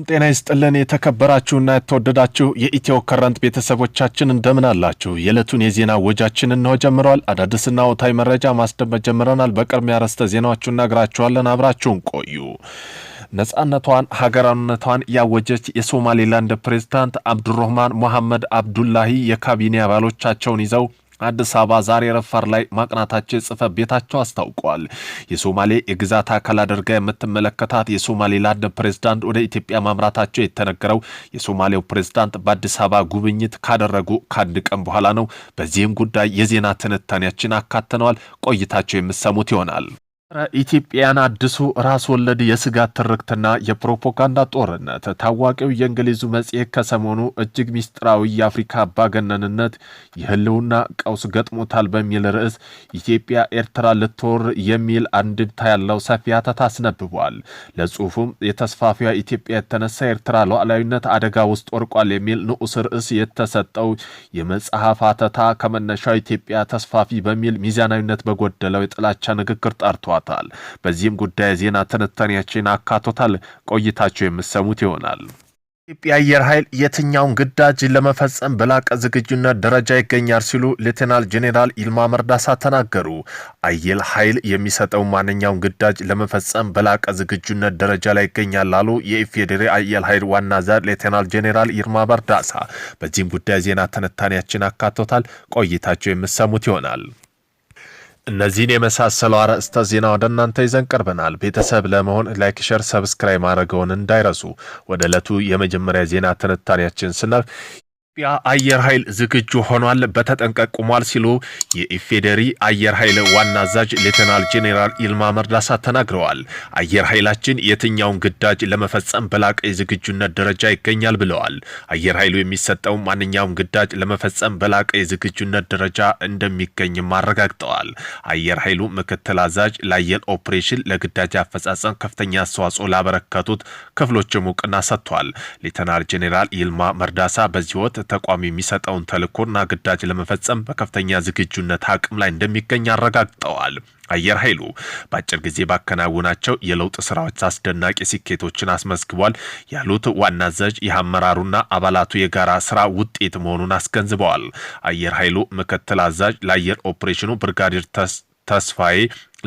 ሰላም ጤና ይስጥልን። የተከበራችሁና የተወደዳችሁ የኢትዮ ከረንት ቤተሰቦቻችን እንደምን አላችሁ? የዕለቱን የዜና ወጃችን እንሆ ጀምረዋል። አዳዲስና ወቅታዊ መረጃ ማስደመጥ ጀምረናል። በቅድሚያ ርዕሰ ዜናዎቹን እነግራችኋለን። አብራችሁን ቆዩ። ነጻነቷን ሀገራዊነቷን ያወጀች የሶማሌላንድ ፕሬዝዳንት አብዱራህማን ሞሐመድ አብዱላሂ የካቢኔ አባሎቻቸውን ይዘው አዲስ አበባ ዛሬ ረፋር ላይ ማቅናታቸው የጽህፈት ቤታቸው አስታውቋል። የሶማሌ የግዛት አካል አድርጋ የምትመለከታት የሶማሌላንድ ፕሬዝዳንት ወደ ኢትዮጵያ ማምራታቸው የተነገረው የሶማሌው ፕሬዝዳንት በአዲስ አበባ ጉብኝት ካደረጉ ከአንድ ቀን በኋላ ነው። በዚህም ጉዳይ የዜና ትንታኔያችን አካተነዋል። ቆይታቸው የምሰሙት ይሆናል። ኢትዮጵያን አድሱ ራስ ወለድ የስጋት ትርክትና የፕሮፓጋንዳ ጦርነት። ታዋቂው የእንግሊዙ መጽሔት ከሰሞኑ እጅግ ሚስጥራዊ የአፍሪካ አባገነንነት የህልውና ቀውስ ገጥሞታል በሚል ርዕስ ኢትዮጵያ ኤርትራ ልትወር የሚል አንድምታ ያለው ሰፊ አተታ አስነብቧል። ለጽሁፉም የተስፋፊዋ ኢትዮጵያ የተነሳ ኤርትራ ሉዓላዊነት አደጋ ውስጥ ወርቋል የሚል ንዑስ ርዕስ የተሰጠው የመጽሐፍ አተታ ከመነሻው ኢትዮጵያ ተስፋፊ በሚል ሚዛናዊነት በጎደለው የጥላቻ ንግግር ጠርቷል። አድርጓታል። በዚህም ጉዳይ ዜና ትንታኔያችን አካቶታል። ቆይታቸው የምሰሙት ይሆናል። ኢትዮጵያ አየር ኃይል የትኛውን ግዳጅ ለመፈጸም በላቀ ዝግጁነት ደረጃ ይገኛል ሲሉ ሌተናል ጄኔራል ይልማ መርዳሳ ተናገሩ። አየር ኃይል የሚሰጠው ማንኛውም ግዳጅ ለመፈጸም በላቀ ዝግጁነት ደረጃ ላይ ይገኛል ላሉ የኢፌዴሪ አየር ኃይል ዋና ዘር ሌተናል ጄኔራል ይልማ መርዳሳ። በዚህም ጉዳይ ዜና ትንታኔያችን አካቶታል። ቆይታቸው የምሰሙት ይሆናል። እነዚህን የመሳሰሉ አርዕስተ ዜና ወደ እናንተ ይዘን ቀርበናል። ቤተሰብ ለመሆን ላይክ፣ ሸር፣ ሰብስክራይብ ማድረገውን እንዳይረሱ። ወደ ዕለቱ የመጀመሪያ ዜና ትንታኔያችን ስናልፍ የኢትዮጵያ አየር ኃይል ዝግጁ ሆኗል፣ በተጠንቀቅ ሲሉ የኢፌዴሪ አየር ኃይል ዋና አዛዥ ሌተናል ጄኔራል ይልማ መርዳሳ ተናግረዋል። አየር ኃይላችን የትኛውን ግዳጅ ለመፈጸም በላቀ የዝግጁነት ደረጃ ይገኛል ብለዋል። አየር ኃይሉ የሚሰጠው ማንኛውም ግዳጅ ለመፈጸም በላቀ የዝግጁነት ደረጃ እንደሚገኝም አረጋግጠዋል። አየር ኃይሉ ምክትል አዛዥ ለአየር ኦፕሬሽን ለግዳጅ አፈጻጸም ከፍተኛ አስተዋጽኦ ላበረከቱት ክፍሎችም እውቅና ሰጥቷል። ሌተናል ጄኔራል ይልማ መርዳሳ በዚህ ወቅት ተቋም የሚሰጠውን ተልኮና ግዳጅ ለመፈጸም በከፍተኛ ዝግጁነት አቅም ላይ እንደሚገኝ አረጋግጠዋል። አየር ኃይሉ በአጭር ጊዜ ባከናወናቸው የለውጥ ስራዎች አስደናቂ ስኬቶችን አስመዝግቧል ያሉት ዋና አዛዥ የአመራሩና አባላቱ የጋራ ስራ ውጤት መሆኑን አስገንዝበዋል። አየር ኃይሉ ምክትል አዛዥ ለአየር ኦፕሬሽኑ ብርጋዴር ተስ ተስፋዬ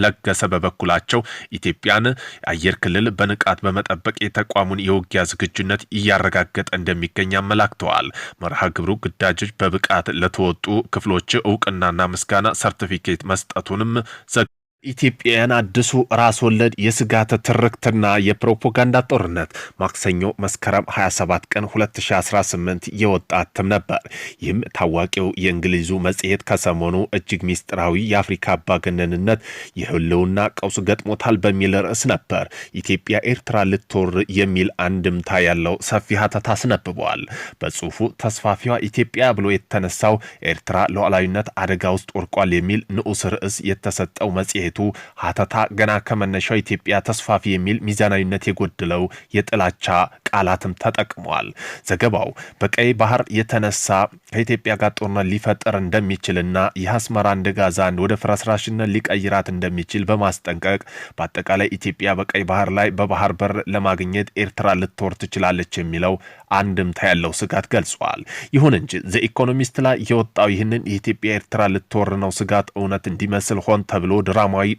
ለገሰ በበኩላቸው ኢትዮጵያን አየር ክልል በንቃት በመጠበቅ የተቋሙን የውጊያ ዝግጁነት እያረጋገጠ እንደሚገኝ አመላክተዋል። መርሃ ግብሩ ግዳጆች በብቃት ለተወጡ ክፍሎች እውቅናና ምስጋና ሰርቲፊኬት መስጠቱንም ዘ ኢትዮጵያውያን አዲሱ ራስ ወለድ የስጋት ትርክትና የፕሮፓጋንዳ ጦርነት ማክሰኞ መስከረም 27 ቀን 2018 የወጣ እትም ነበር። ይህም ታዋቂው የእንግሊዙ መጽሔት ከሰሞኑ እጅግ ሚስጥራዊ የአፍሪካ አምባገነንነት የህልውና ቀውስ ገጥሞታል በሚል ርዕስ ነበር። ኢትዮጵያ ኤርትራ ልትወር የሚል አንድምታ ያለው ሰፊ ሀተታ አስነብበዋል። በጽሁፉ ተስፋፊዋ ኢትዮጵያ ብሎ የተነሳው ኤርትራ ሉዓላዊነት አደጋ ውስጥ ወርቋል የሚል ንዑስ ርዕስ የተሰጠው መጽሔት ውጤቱ ሀተታ ገና ከመነሻው ኢትዮጵያ ተስፋፊ የሚል ሚዛናዊነት የጎደለው የጥላቻ ቃላትም ተጠቅመዋል። ዘገባው በቀይ ባህር የተነሳ ከኢትዮጵያ ጋር ጦርነት ሊፈጠር እንደሚችልና የአስመራ እንደ ጋዛን ወደ ፍርስራሽነት ሊቀይራት እንደሚችል በማስጠንቀቅ በአጠቃላይ ኢትዮጵያ በቀይ ባህር ላይ በባህር በር ለማግኘት ኤርትራ ልትወር ትችላለች የሚለው አንድምታ ያለው ስጋት ገልጿል። ይሁን እንጂ ዘኢኮኖሚስት ላይ የወጣው ይህንን የኢትዮጵያ ኤርትራ ልትወር ነው ስጋት እውነት እንዲመስል ሆን ተብሎ ድራማዊ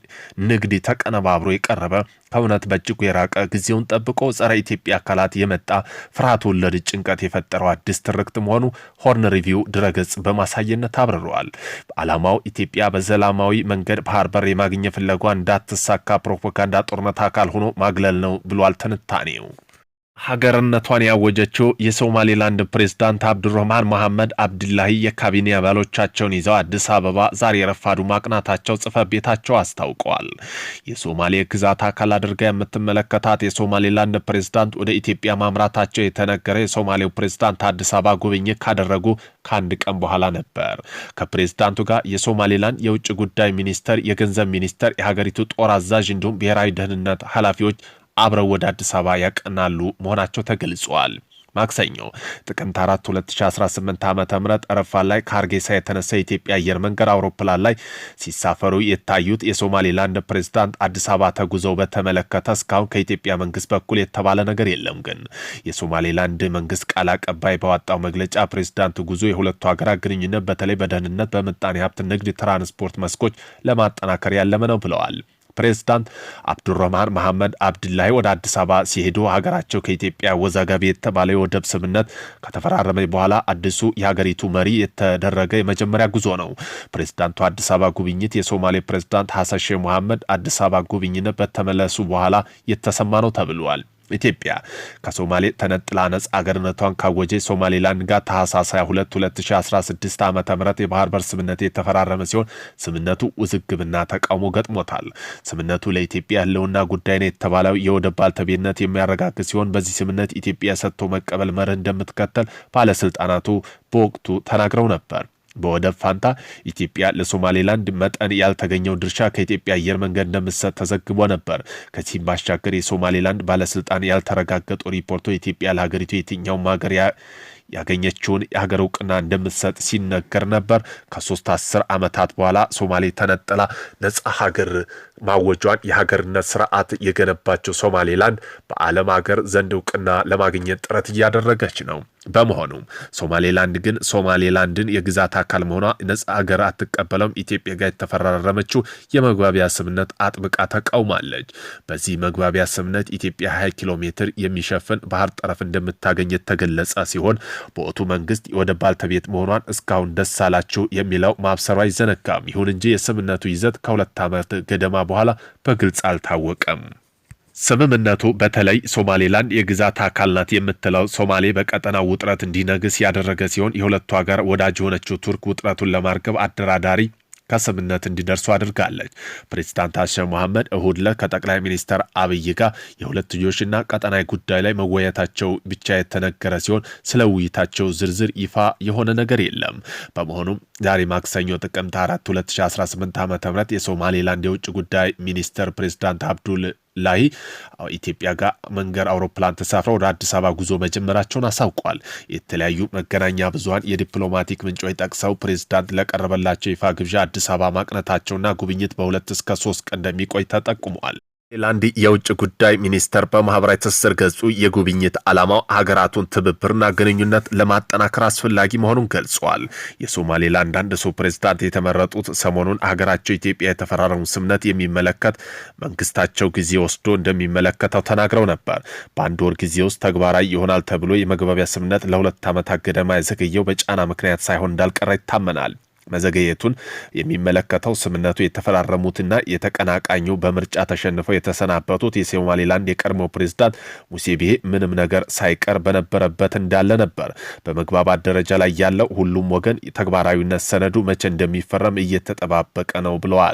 ንግድ ተቀነባብሮ የቀረበ ከእውነት በእጅጉ የራቀ ጊዜውን ጠብቆ ጸረ ኢትዮጵያ አካላት የመጣ ፍርሃት ወለድ ጭንቀት የፈጠረው አዲስ ትርክት መሆኑ ሆርን ሪቪው ድረገጽ በማሳየነት አብርረዋል። ዓላማው ኢትዮጵያ በዘላማዊ መንገድ ባህር በር የማግኘት ፍለጓ እንዳትሳካ ፕሮፓጋንዳ ጦርነት አካል ሆኖ ማግለል ነው ብሏል ትንታኔው። ሀገርነቷን ያወጀችው የሶማሌላንድ ፕሬዝዳንት አብዱረህማን መሐመድ አብድላሂ የካቢኔ አባሎቻቸውን ይዘው አዲስ አበባ ዛሬ የረፋዱ ማቅናታቸው ጽፈት ቤታቸው አስታውቀዋል። የሶማሌ ግዛት አካል አድርጋ የምትመለከታት የሶማሌላንድ ፕሬዝዳንት ወደ ኢትዮጵያ ማምራታቸው የተነገረ የሶማሌው ፕሬዝዳንት አዲስ አበባ ጉብኝት ካደረጉ ከአንድ ቀን በኋላ ነበር። ከፕሬዝዳንቱ ጋር የሶማሌላንድ የውጭ ጉዳይ ሚኒስተር፣ የገንዘብ ሚኒስተር፣ የሀገሪቱ ጦር አዛዥ እንዲሁም ብሔራዊ ደህንነት ኃላፊዎች አብረው ወደ አዲስ አበባ ያቀናሉ መሆናቸው ተገልጿል። ማክሰኞ ጥቅምት 4 2018 ዓ ም ረፋድ ላይ ካርጌሳ የተነሳ የኢትዮጵያ አየር መንገድ አውሮፕላን ላይ ሲሳፈሩ የታዩት የሶማሌላንድ ፕሬዝዳንት አዲስ አበባ ተጉዘው በተመለከተ እስካሁን ከኢትዮጵያ መንግስት በኩል የተባለ ነገር የለም። ግን የሶማሌላንድ መንግስት ቃል አቀባይ በዋጣው መግለጫ ፕሬዝዳንት ጉዞ የሁለቱ ሀገራት ግንኙነት በተለይ በደህንነት፣ በምጣኔ ሀብት፣ ንግድ፣ ትራንስፖርት መስኮች ለማጠናከር ያለመ ነው ብለዋል። ፕሬዝዳንት አብዱረህማን መሐመድ አብድላሂ ወደ አዲስ አበባ ሲሄዱ ሀገራቸው ከኢትዮጵያ ወዘገቤ የተባለ የወደብ ስምነት ከተፈራረመ በኋላ አዲሱ የሀገሪቱ መሪ የተደረገ የመጀመሪያ ጉዞ ነው። ፕሬዝዳንቱ አዲስ አበባ ጉብኝት የሶማሌ ፕሬዝዳንት ሐሰን ሼህ መሐመድ አዲስ አበባ ጉብኝነት በተመለሱ በኋላ የተሰማ ነው ተብሏል። ኢትዮጵያ ከሶማሌ ተነጥላ ነጻ አገርነቷን ካወጀ ሶማሌላንድ ጋር ታህሳስ 22 2016 ዓ ም የባህር በር ስምነት የተፈራረመ ሲሆን ስምነቱ ውዝግብና ተቃውሞ ገጥሞታል። ስምነቱ ለኢትዮጵያ ህልውና ጉዳይ ነው የተባለው የወደብ ባልተቤትነት የሚያረጋግጥ ሲሆን በዚህ ስምነት ኢትዮጵያ ሰጥቶ መቀበል መርህ እንደምትከተል ባለስልጣናቱ በወቅቱ ተናግረው ነበር። በወደብ ፋንታ ኢትዮጵያ ለሶማሌላንድ መጠን ያልተገኘው ድርሻ ከኢትዮጵያ አየር መንገድ እንደምትሰጥ ተዘግቦ ነበር። ከዚህም ባሻገር የሶማሌላንድ ባለስልጣን ያልተረጋገጡ ሪፖርቶ ኢትዮጵያ ለሀገሪቱ የትኛውም ሀገር ያገኘችውን የሀገር እውቅና እንደምትሰጥ ሲነገር ነበር። ከሶስት አስር ዓመታት በኋላ ሶማሌ ተነጥላ ነጻ ሀገር ማወጇን የሀገርነት ስርዓት የገነባቸው ሶማሌላንድ በዓለም ሀገር ዘንድ እውቅና ለማግኘት ጥረት እያደረገች ነው። በመሆኑም ሶማሌላንድ ግን ሶማሌላንድን የግዛት አካል መሆኗ ነጻ ሀገር አትቀበለውም። ኢትዮጵያ ጋር የተፈራረመችው የመግባቢያ ስምነት አጥብቃ ተቃውማለች። በዚህ መግባቢያ ስምነት ኢትዮጵያ 20 ኪሎ ሜትር የሚሸፍን ባህር ጠረፍ እንደምታገኝ የተገለጸ ሲሆን በወቱ መንግስት ወደ ባልተቤት መሆኗን እስካሁን ደስ አላችሁ የሚለው ማብሰሩ አይዘነጋም። ይሁን እንጂ የስምነቱ ይዘት ከሁለት ዓመት ገደማ በኋላ በግልጽ አልታወቀም። ስምምነቱ በተለይ ሶማሌላንድ የግዛት አካል ናት የምትለው ሶማሌ በቀጠናው ውጥረት እንዲነግስ ያደረገ ሲሆን የሁለቱ ሀገር ወዳጅ የሆነችው ቱርክ ውጥረቱን ለማርገብ አደራዳሪ ከስምነት እንዲደርሱ አድርጋለች። ፕሬዚዳንት አሸር መሐመድ እሁድ ዕለት ከጠቅላይ ሚኒስትር አብይ ጋር የሁለትዮሽና ቀጠናዊ ጉዳይ ላይ መወያየታቸው ብቻ የተነገረ ሲሆን ስለ ውይይታቸው ዝርዝር ይፋ የሆነ ነገር የለም። በመሆኑም ዛሬ ማክሰኞ ጥቅምት 4 2018 ዓ ም የሶማሌላንድ የውጭ ጉዳይ ሚኒስትር ፕሬዚዳንት አብዱል ላይ ኢትዮጵያ ጋር መንገድ አውሮፕላን ተሳፍረው ወደ አዲስ አበባ ጉዞ መጀመራቸውን አሳውቋል። የተለያዩ መገናኛ ብዙሀን የዲፕሎማቲክ ምንጮች ጠቅሰው ፕሬዝዳንት ለቀረበላቸው ይፋ ግብዣ አዲስ አበባ ማቅነታቸውና ጉብኝት በሁለት እስከ ሶስት ቀን እንደሚቆይ ተጠቁመዋል። ኔዘርላንድ የውጭ ጉዳይ ሚኒስተር በማህበራዊ ትስስር ገጹ የጉብኝት ዓላማው ሀገራቱን ትብብርና ግንኙነት ለማጠናከር አስፈላጊ መሆኑን ገልጿል። የሶማሌላንድ አንድ ሰው ፕሬዚዳንት የተመረጡት ሰሞኑን ሀገራቸው ኢትዮጵያ የተፈራረሙ ስምነት የሚመለከት መንግስታቸው ጊዜ ወስዶ እንደሚመለከተው ተናግረው ነበር። በአንድ ወር ጊዜ ውስጥ ተግባራዊ ይሆናል ተብሎ የመግባቢያ ስምነት ለሁለት ዓመታት ገደማ የዘገየው በጫና ምክንያት ሳይሆን እንዳልቀረ ይታመናል። መዘገየቱን የሚመለከተው ስምነቱ የተፈራረሙትና የተቀናቃኙ በምርጫ ተሸንፈው የተሰናበቱት የሶማሌላንድ የቀድሞ ፕሬዝዳንት ሙሴቢሄ ምንም ነገር ሳይቀር በነበረበት እንዳለ ነበር። በመግባባት ደረጃ ላይ ያለው ሁሉም ወገን ተግባራዊነት ሰነዱ መቼ እንደሚፈረም እየተጠባበቀ ነው ብለዋል።